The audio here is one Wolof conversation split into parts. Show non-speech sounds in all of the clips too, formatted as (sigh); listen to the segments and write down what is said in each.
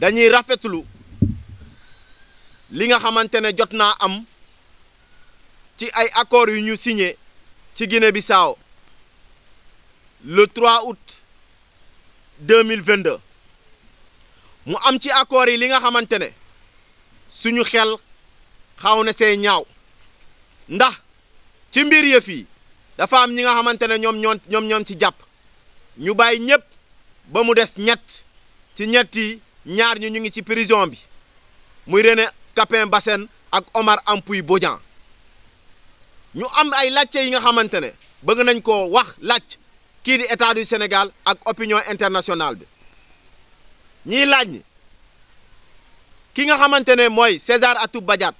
dañuy rafetlu li nga xamantene am ci ay accord yu ñu signé ci Guinée Bissau le 3 août 2022 mu am ci akori yi li nga xamantene suñu xel xaw na see ñaaw ndax ci mbir yëf yi dafa am ñi nga xamantene ñoom ñoom ñoom ñoom ci jàpp ñu bàyyi ñépp ba mu des ñett ci ñett ñaar ñu ñu ngi ci prison bi muy René Capin Bassène ak Omar Ampuy Bodian ñu am ay laajte yi nga xamante ne bëgg nañ ko wax laaj kii di état du Sénégal ak opinion internationale bi ñi laaj ni ki nga xamante ne mooy César Atoute Badiate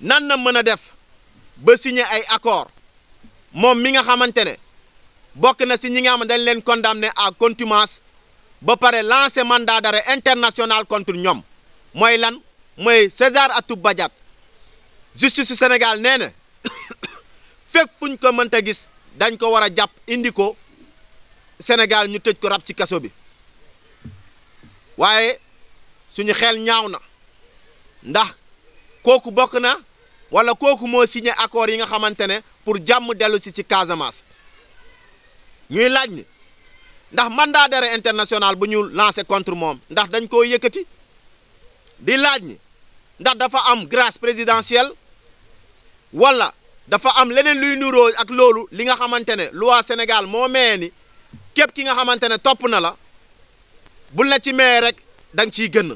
nan na mën a def ba signer ay accord moom mi nga xamante ne bokk na si ñi nga xam dañ leen condamné à contumace ba pare lancé mandat d'arrêt international contre ñoom mooy lan mooy César Atoub Badiate justice su Sénégal nee na (coughs) fépp fu ñu ko mënta gis dañ ko war a jàpp indi ko Sénégal ñu tëj ko rab ci kaso bi waaye suñu xel ñaaw na ndax kooku bokk na wala kooku moo signé accord yi nga xamante ne pour jàmm dellusi ci Casamance ñuy laaj ndax mandat d'arrêt international bu ñu lancer contre mom ndax dañ ko yëkëti di laaj ni ndax dafa am grâce présidentielle wala dafa am leneen luy nuro ak loolu li nga xamantene ne loi Sénégal moo mee ni képp ki nga xamantene ne topp na la bul na ci mee rek dang ciy gën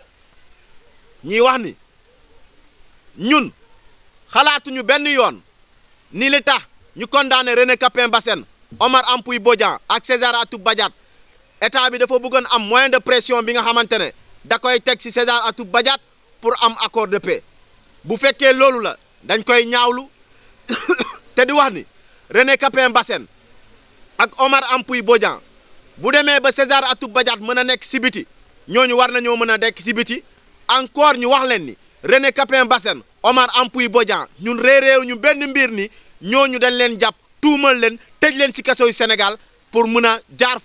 (coughs) ñi wax ni ñun xalaatuñu benn yoon ni li tax ñu condamné René capin Bassène Omar Ampuy Bodian ak César Atoub Badiate état bi dafa bëggoon am moyen de pression bi nga xamante ne da koy teg ci César Atoub Badiate pour am accord de paix bu fekkee loolu la dañ koy ñaawlu (coughs) te di wax ni René Capain Bassène ak Omar Ampuy Bodian bu demee ba César Atoub Badiate mën a nekk ci biti ñooñu war nañoo mën a nekk ci biti encore ñu wax leen ni René Capain Bassène Omar Ampuy Bodian ñun réeréew ñu benn mbir ni ñooñu dañ leen jàpp tuumal leen tëj leen ci kaso yu Sénégal pour mën a jaar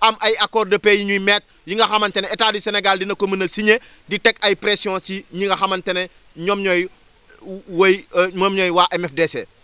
am ay accord de paix yi ñuy mettre yi nga xamante état du Sénégal dina ko meuna signer di tek ay pression ci ñi nga xamantene ñom ñoy euh, euh, way woy ñoy wa MFDC